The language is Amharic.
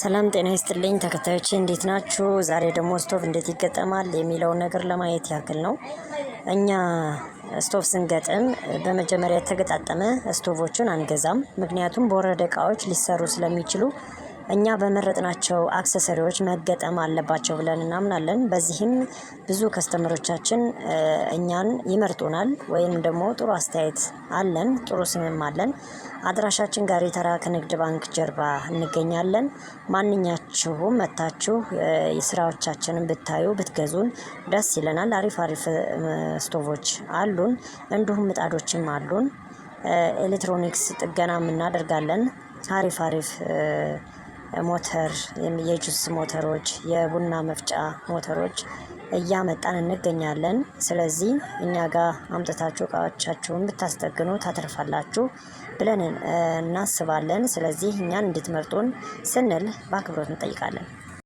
ሰላም ጤና ይስጥልኝ ተከታዮቼ እንዴት ናችሁ? ዛሬ ደግሞ ስቶቭ እንዴት ይገጠማል የሚለውን ነገር ለማየት ያክል ነው። እኛ ስቶቭ ስንገጥም በመጀመሪያ የተገጣጠመ ስቶቮቹን አንገዛም። ምክንያቱም በወረደ እቃዎች ሊሰሩ ስለሚችሉ እኛ በመረጥናቸው አክሰሰሪዎች መገጠም አለባቸው ብለን እናምናለን። በዚህም ብዙ ከስተመሮቻችን እኛን ይመርጡናል ወይም ደግሞ ጥሩ አስተያየት አለን፣ ጥሩ ስምም አለን። አድራሻችን ጋሪተራ ከንግድ ባንክ ጀርባ እንገኛለን። ማንኛችሁም መታችሁ የስራዎቻችንን ብታዩ ብትገዙን ደስ ይለናል። አሪፍ አሪፍ ስቶቮች አሉን፣ እንዲሁም ምጣዶችም አሉን። ኤሌክትሮኒክስ ጥገናም እናደርጋለን። አሪፍ አሪፍ ሞተር የጁስ ሞተሮች፣ የቡና መፍጫ ሞተሮች እያመጣን እንገኛለን። ስለዚህ እኛ ጋር አምጥታችሁ እቃዎቻችሁን ብታስጠግኑ ታተርፋላችሁ ብለን እናስባለን። ስለዚህ እኛን እንድትመርጡን ስንል በአክብሮት እንጠይቃለን።